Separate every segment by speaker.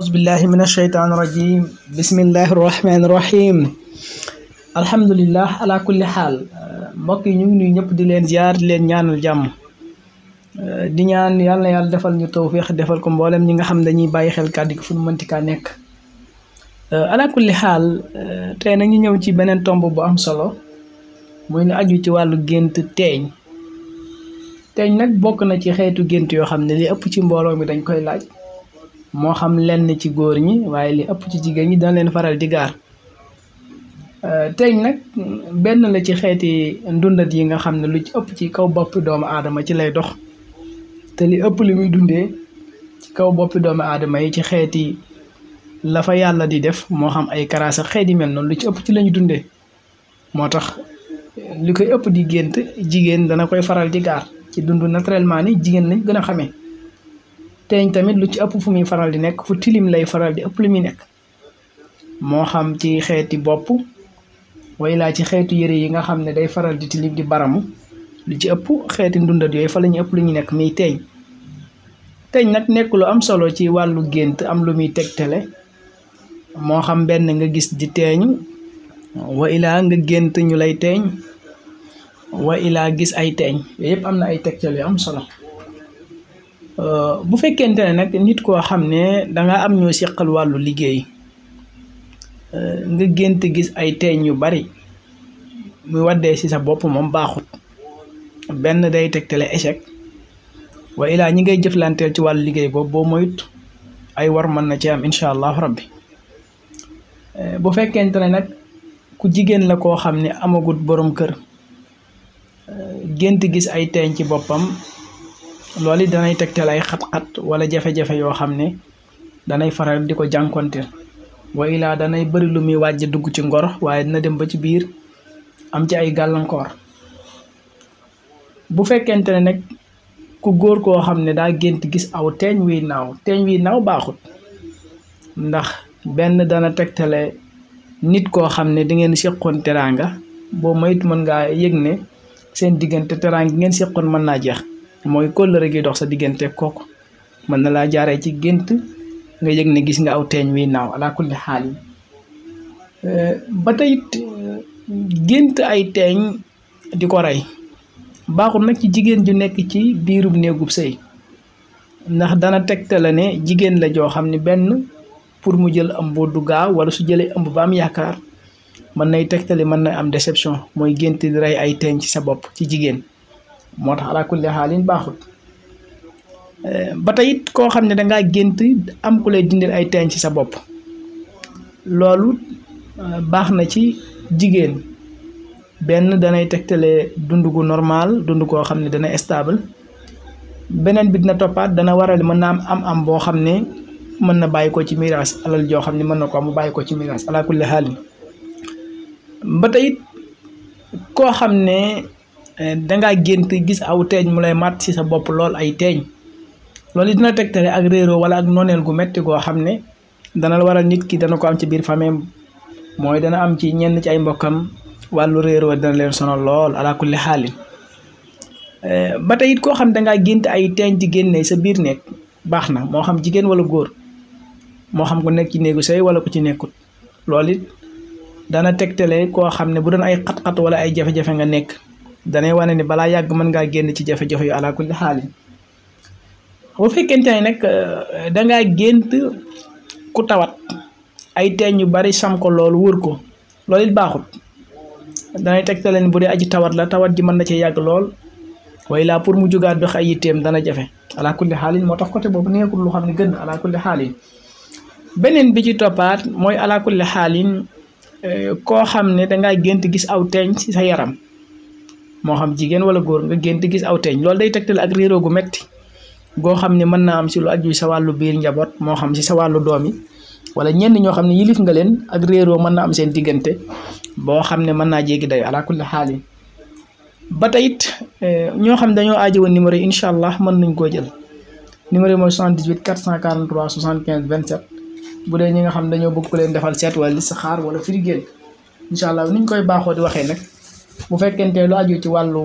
Speaker 1: أعوذ بالله من الشيطان الرجيم بسم الله الرحمن الرحيم الحمد لله على كل حال مبارك نيو نيو نيب دي لين زيار دي لين نيانال جام دي نيان يالا يالا ديفال نيو توفيق ديفال كوم بولم نيغا خام داني باي خيل كاديك فون مانتي كا نيك على كل حال تاي نيو نيو تي بنن تومبو بو ام سولو موي ن اديو تي والو گنت تيغ تيغ نك بوك نا تي خيتو گنت يو خام ني لي اپ تي مبولو مي دنج كوي لاج moo xam lenn ci góor ñi waaye li ëpp ci jigéen ñi dana leen faral di gaar euh, tey nag benn la ci xeeti ndundat yi nga xam ne lu ci ëpp ci kaw bopp doomu aadama ci lay dox te li ëpp li muy dundee kaw bopp doomu aadama yi ci xeeti la fa yàlla di def moo xam ay karaasa xeeti yi mel noonu lu ci ëpp ci lañuy dundee moo tax li koy ëpp di gént jigéen dana koy faral di gaar ci dund naturellement ni jigéen lañ gën a xamee teeñ tamit lu ci ëpp fu muy faral di nekk fu tilim lay faral di ëpp lu muy nekk moo xam ci xeeti bopp way laa ci xeetu yëre yi nga xam ne day faral di tilim di baramu lu ci ëpp xeeti ndundat yooyu fa la ëpp lu ñu nekk muy teeñ teeñ nag nekk lu am solo ci wàllu gént am lu muy tegtale moo xam benn nga gis di teeñu wa nga gént ñu lay teeñ wa gis ay teeñ yooyu yëpp am na ay tegtal yu am solo Euh, bu fekkente ne nag nit koo xam ne danga am ñoo seqal wàllu liggéey euh, nga gént gis ay teeñ yu bari muy waddee ci sa bopp moom baaxut benn day teg tegtale échec wa ilaa ñi ngay jëflanteel ci wàllu liggéey boobu boo moyut ay war mën na ci am incha allahu rabbi euh, bu fekkente ne nag ku jigéen la koo xam ne amagut boroom kër gént gis ay teeñ ci boppam loolu it danay tegtal ay xat-xat wala jafe-jafe yoo xam ne danay faral di ko jànkonteel wa danay bari lu muy wàjj dugg ci ngor waaye dina dem ba ci biir am ci ay gàllankoor bu fekkente ne nag ku góor koo xam ne daa gént gis aw teeñ wiy naaw teeñ wiy naaw baaxut ndax benn dana tegtale nit koo xam ne dangeen seqoon teraanga boo mayit mën ngaa yëg ne seen diggante teraanga ngeen seqoon mën naa jeex mooy kóllëre gi dox sa digganteeg kooku mën na laa jaaree ci gént nga yëg ne gis nga aw teeñ wi naaw ala kulli xaal yi eh, ba tey gént ay teeñ di ko rey baaxul nag ci jigéen ju nekk ci biirub néegub sëy ndax dana tegtale ne jigéen la joo xam ne benn pour mu jël ëmb du gaaw wala su jëlee ëmb ba am yaakaar mën nay tegtali mën na am déception mooy gént rey ay teeñ ci sa bopp ci jigéen moo tax ala kulli xaalin baaxut eh, ba tey it koo xam ne dangay gént am ku lay dindil ay teen ci sa bopp loolu eh, baax na ci jigéen benn danay tegtale dund gu normal dund koo xam ne dana stable beneen bi dina toppaat dana waral mën naa am am boo xam ne mën na bàyyi ko ci miraas alal joo xam ne mën na ko mu bàyyi ko ci miraas ala kulli xaalin ba koo xam ne Eh, dangaa gént gis aw teeñ mu lay màtt ci sa bopp lool ay teeñ loolu dina tegtale ak réeroo wala ak gu metti goo xam ne dana la waral nit ki dana ko am ci biir famille mooy dana am ci ñenn ci ay mbokkam wàllu réeroo dana leen sonal lool ala kulli xaalin eh, ba tey it koo xam dangaa gént ay teeñ di génne sa biir nekk baax na moo xam jigéen wala góor moo xam ku nekk ci néegu sëy wala ku ci nekkut loolu it dana tegtale koo xam ne bu doon ay xat-xat wala ay jafe-jafe nga nekk danay wane ne balaa yàgg mën ngaa génn ci jafe-jafe yu ala kulli xaali bu fekkente ne nag euh, dangaa gént ku tawat ay teen yu bari sam loolu wër ko loolu it baaxut danay tegtale ni bu dee aji tawat la tawat ji mën na cee yàgg lool way la pour mu jugaat dox ay yitteem dana jafe ala kulli xaalin moo tax côté boobu ni nekkul lu xam ne gën ala kulli xaalin beneen bi ci toppaat mooy ala kulli xaalin euh, koo xam ne dangay gént gis aw teeñ ci sa yaram moo xam jigéen wala góor nga gént gis aw teeñ loolu day tegtal ak réeroo gu metti goo xam ne mën naa am si lu aju sa wàllu biir njaboot moo xam si sa wàllu doom yi wala ñenn ñoo xam ne yilif nga leen ak réeroo mën naa am seen diggante boo xam ne mën naa jéggi day ala kulli xaali ba tey it eh, ñoo xam ne dañoo aajowoon numéro yi incha allah mën nañ koo jël numéro yi mooy 78 443 75 27 bu dee ñi nga xam ne dañoo bëgg ku leen defal seet wala li sa xaar wala firigéen incha allah ni ñu koy baaxoo di waxee nag. bu fekkente lu aju ci wàllu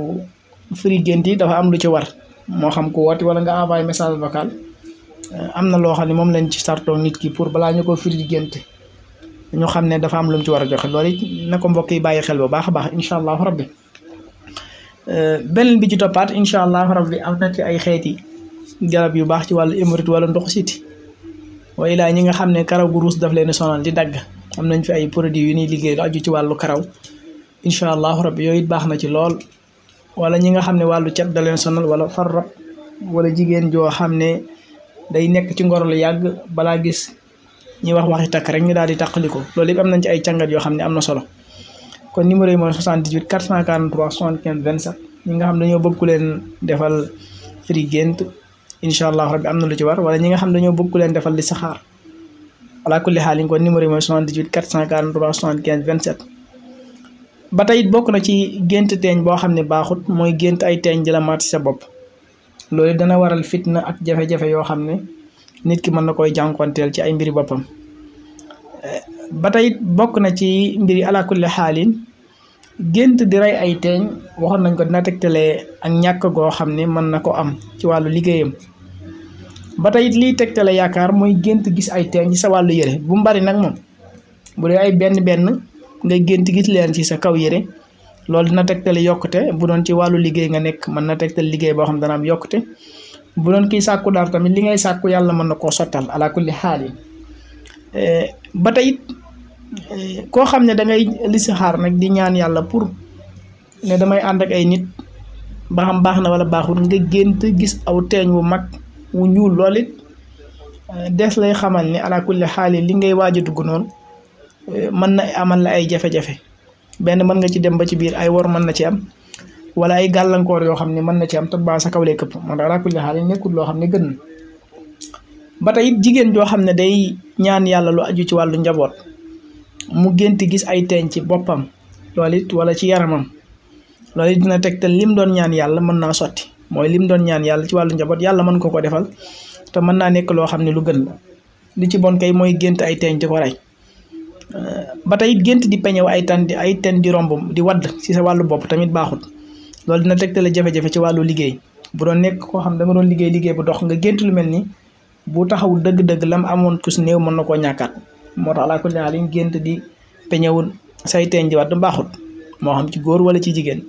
Speaker 1: firi gént yi dafa am lu ci war moo xam ku woote wala nga envoyé message vocal eh, am na loo xam ne moom lañ ci sarto nit ki pour balaa ñu ko firi gént ñu xam ne dafa am lu mu ci war a joxe loolu it na ko mbokk yi bàyyi xel bu baax a baax incha allahu rabbi eh, beneen bi ci toppaat incha allahu rabbi am na ci ay xeeti garab yu baax ci wàllu émérite wala ndox siti waaye laa ñi nga xam ne karaw bu ruus daf leen sonal di dagg am nañ fi ay produits yu ñuy liggéey lu aju ci wàllu karaw incha allahu rabbi yooyu baax na ci lool wala ñi nga xam ne wàllu cat da leen sonal wala far rab wala jigéen joo xam ne day nekk ci ngoro lu yàgg balaa gis ñi wax waxi takk rek ñu daal di taqali ko loolu yëpp am na ci ay càngat yoo xam ne am na solo kon numéro yi mooy 78 443 75 27 ñi nga xam dañoo bëgg ku leen defal firi gént incha allahu rabbi am na lu ci war wala ñi na xam dañoo bëgg ku leen defal li saxaar ala kulli xaal kon numéro yi mooy 78 ba tey bokk na ci gént teeñ boo xam ne baaxut mooy gént ay teeñ di la sa bopp loolu dana waral fitna ak jafe-jafe yoo xam ne nit ki mën na koy jànkonteel ci ay mbiri boppam eh, ba tey bokk na ci mbiri alaakulli xaalin gént di rey ay teeñ waxoon nañ ko dina tegtalee ak ñàkk goo xam ne mën na ko am ci wàllu liggéeyam ba tey it liy tegtale yaakaar mooy gént gis ay teeñ ci sa wàllu yére bu mbari nag moom bu dee ay benn benn. nga gént gis leen ci sa kaw yére loolu dina teg tegtal yokkute bu doon ci wàllu liggéey nga nekk mën na teg tegtal liggéey boo xam dana am yokkute bu doon kiy sàkku daal tamit li ngay sàkku yàlla mën na koo sottal ala kulli xaal eh, ba tey eh, koo xam ne dangay listixaar nag di ñaan yàlla pour ne damay ànd ay nit ba baax na wala baaxul nga gént gis aw teeñ wu mag wu ñuul lool eh, des lay xamal ni ala kulli xaal yi li ngay waaj a dugg noonu Eh, mën na amal la ay jafe-jafe benn mën nga ci dem ba ci biir ay wor mën na ci am wala ay gàllankoor yoo xam ne mën na ci am te ba sa kaw lay këpp man daal rakkul xaal nekkul loo xam ne gën na tey jigéen joo xam ne day ñaan yàlla lu aju ci wàllu njaboot mu gént gis ay teen ci boppam loolu it wala ci yaramam loolu it dina tegtal lim doon ñaan yàlla mën naa sotti mooy lim doon ñaan yàlla ci wàllu njaboot yàlla mën ko ko defal te mën naa nekk loo xam ne lu gën la ci bon kay mooy gént ay teen ba tey gént di peñew ay tan ay ten di romb di wad ci sa walu bop tamit baaxut loolu dina tegtale jafe-jafe ci walu liggéey bu do nekk ko xam da nga doon liggéey liggéey bu dox nga gént lu melni bu taxawul deug deug lam amone kus neew mën na koo ñàkkaat gént di wul say ten di wadd baaxut mo xam ci goor wala ci jigen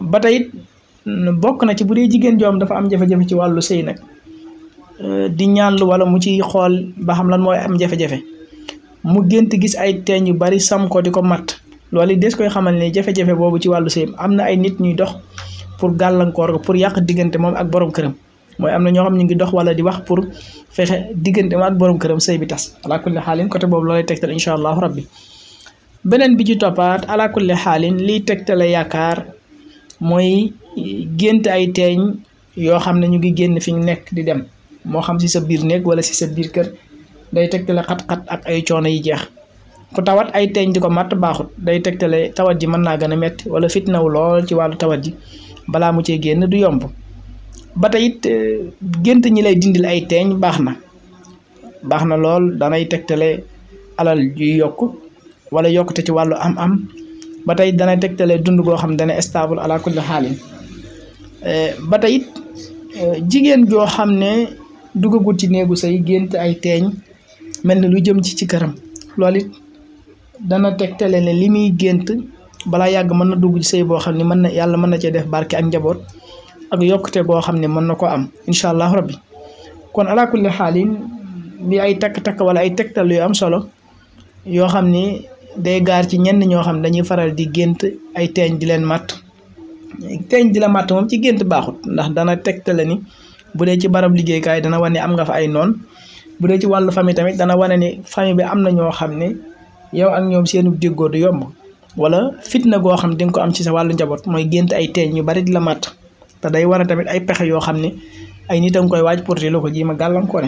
Speaker 1: ba tey mm, bok na ci bu dee jigéen dafa am jafe-jafe ci walu sey nak di lu wala mu ci xol ba xam lan moy am jafe-jafe mu gént gis ay teen yu bari sam ko di ko matt loolu des koy xamal ne jafe-jafe boobu ci wàllu sëyam am na ay nit ñuy dox pour gàllankoor ko pour yàq diggante moom ak borom këram mooy am na ñoo xam ñu ngi dox wala di wax pour fexe diggante moom ak borom këram sëy bi tas ala kulli xaalin côté boobu loolay tegtal incha allahu rabbi beneen bi ci toppaat ala kulli xaalin liy tegtale yaakaar mooy gént ay teeñ yoo xam ne ñu ngi génn fi ñu nekk di dem moo xam si sa biir néeg wala si sa biir kër day tegtale xat-xat ak ay coono yi jeex ku tawat ay teeñ di ko matt baaxut day tegtale tawat ji mën naa gën a metti wala fitnawu lool ci wàllu tawat ji balaa mu cee génn du yomb ba tey it eh, gént ñi lay dindil ay teeñ baax na baax na lool danay tegtale alal yuy yokk wala yokkute ci wàllu am-am ba tey danay tegtale dund goo xam dana stable ala kulli xaalin eh, ba tey eh, jigéen joo xam ne dugagut ci néegu say gént ay teeñ mel ni lu jëm ci ci këram loolu it dana tegtale ne li muy gént balaa yàgg mën na dugg ci sëy boo xam ne mën na yàlla mën na cee def barke ak njaboot ak yokkute boo xam ne mën na ko am incha allah rabbi kon ala kulli xaalin bi ay takk-takk wala ay tegtal yu am solo yoo xam ni day gaar ci ñenn ñoo xam dañuy faral di gént ay teeñ di leen matt teeñ di la matt moom ci gént baaxut ndax dana tegtale ni bu dee ci barab liggéeykaay dana wane am nga fa ay noon bu dee ci wàllu famille tamit dana wane ni famille bi am na ñoo xam ne yow ak ñoom seenu déggoo du yomb wala fitna goo xam di nga ko am ci sa wàllu njaboot mooy gént ay teeñ ñu bari di la màtt te day war a tamit pexe yoo xam ne ay nit a nga koy waaj pour la ko ji ma gàllankoor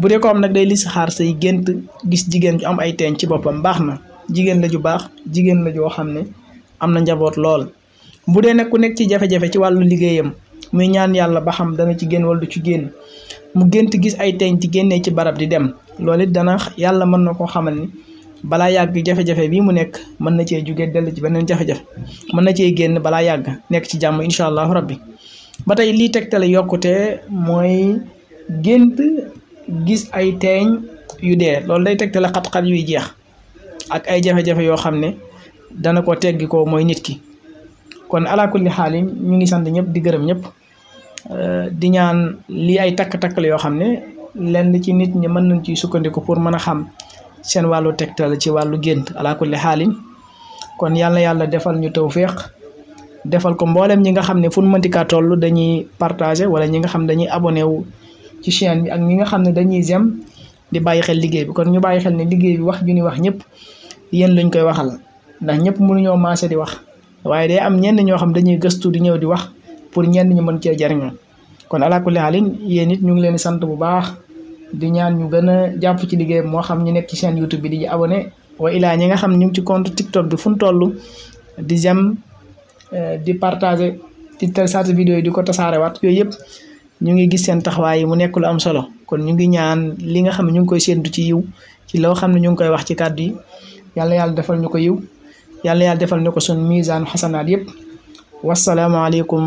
Speaker 1: bu dee ko am nag day say gént gis jigéen ju am ay teeñ ci boppam baax na jigéen la ju baax jigéen la joo xam ne am na njaboot lool. bu dee nag ku nekk ci jafe-jafe ci wàllu liggéeyam muy ñaan yàlla ba xam dana ci génn wala du ci génn mu gént gis ay teñ ci génne ci barab di dem lool it dana yàlla mën na koo xamal ni balaa yàgg jafe-jafe bii mu nekk mën na cee jugee dellu ci beneen jafe-jafe mën na cee génn balaa yàgg nekk ci jàmm incha allahu rabbi ba tey lii tegtale yokkute mooy gént gis ay teeñ yu dee loolu day tegtale xat-xat yuy jeex ak ay jafe-jafe yoo xam ne dana ko teggi ko mooy nit ki kon alaakulli xaalim ñu ngi sant ñëpp di gërëm ñëpp. Euh, di ñaan lii ay takk-takk yoo xam ne lenn ci nit ñi mën nañ ciy sukkandiku pour mën a xam seen wàllu tegtal ci wàllu gént ala kulli xaalin kon yàlla yàlla defal ñu tawféex defal ko mboolem ñi nga xam ne fu mu mënti kaa toll dañuy partagé wala ñi nga xam dañuy abonné wu ci chaîne bi ak ñi nga xam ne dañuy jëm di bàyyi xel liggéey bi kon ñu bàyyi xel ne liggéey bi wax ju ñuy wax ñëpp yéen lañ koy waxal ndax ñëpp mënuñoo maase di wax waaye day am ñenn ñoo xam dañuy gëstu di ñëw di wax. pour ñenn ñu mën cee jariñoo kon ala kulli xaalin yéen it ñu ngi leen sant bu baax di ñaan ñu gën a jàpp ci liggéeyam moo xam ñu nekk ci chaîne YouTube bi di abonné wa ilaa ñi nga xam ñu ngi ci compte TikTok bi fu mu toll di jam euh, di partager di tel saatu vidéo yi di ko tasaare waat yooyu yëpp ñu ngi gis seen taxawaay yi mu nekk lu am solo kon ñu ngi ñaan li nga xam ne ñu ngi koy séentu ci yiw ci loo xam ne ñu ngi koy wax ci kàddu yi yàlla yàlla defal ñu ko yiw yàlla yàlla defal ñu ko sun misaan xasanaat yëpp wasalaamaaleykum